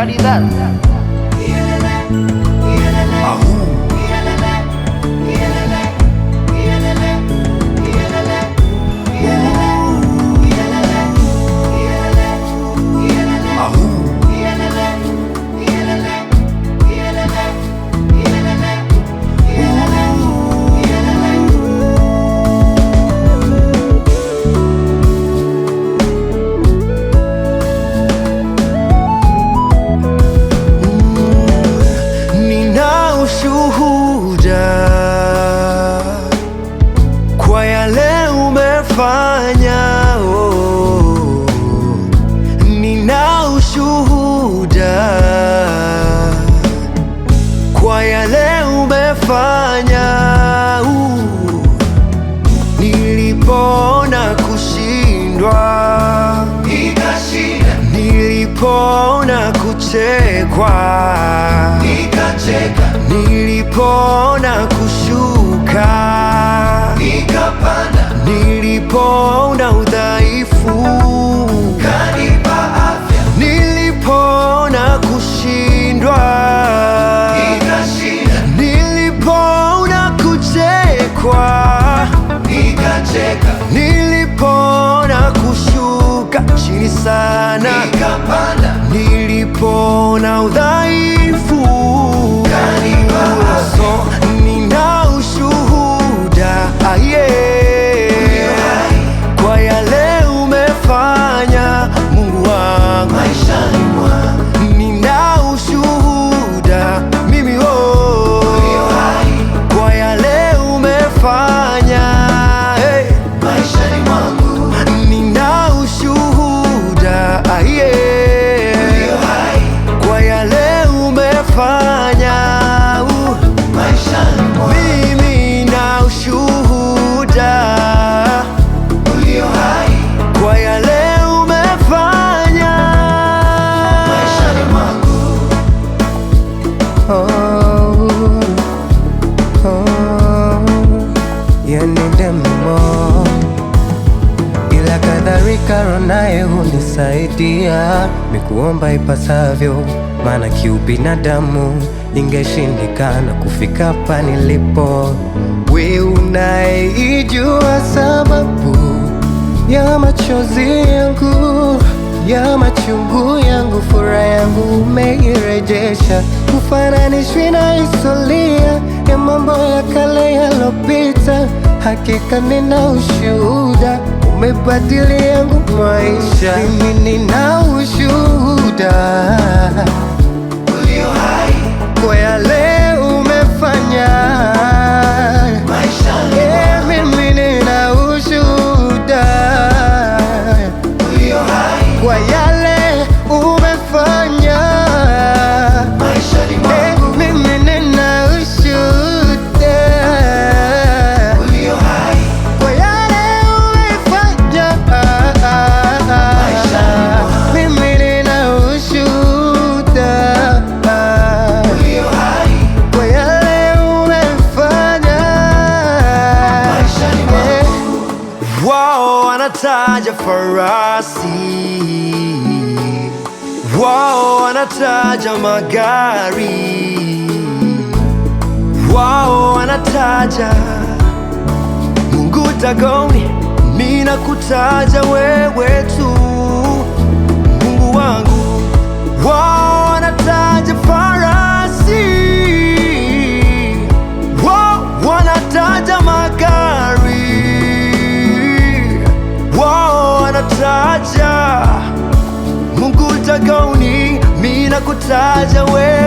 Johnny Depp. kwa nikacheka, nilipoona kushuka nikapanda, nilipoona udhaifu kanipa afya, nilipoona kushindwa nikashinda, nilipoona kuchekwa nikacheka, nilipoona kushuka chini sana nikapanda now that Malaika naye hunisaidia, ni ipasavyo, maana kiubinadamu ingeshindikana kufika hapa nilipo. We unayeijua sababu ya machozi yangu ya machungu yangu, furaha yangu umeirejesha, kufananishwi na historia ya mambo ya kale yalopita. Hakika nina ushuhuda umebadilia yangu maisha mimi nina ya farasi, wao wanataja magari, wao wanataja Mungu tagoni, mimi nakutaja wewe tu Mungu wangu wao sides away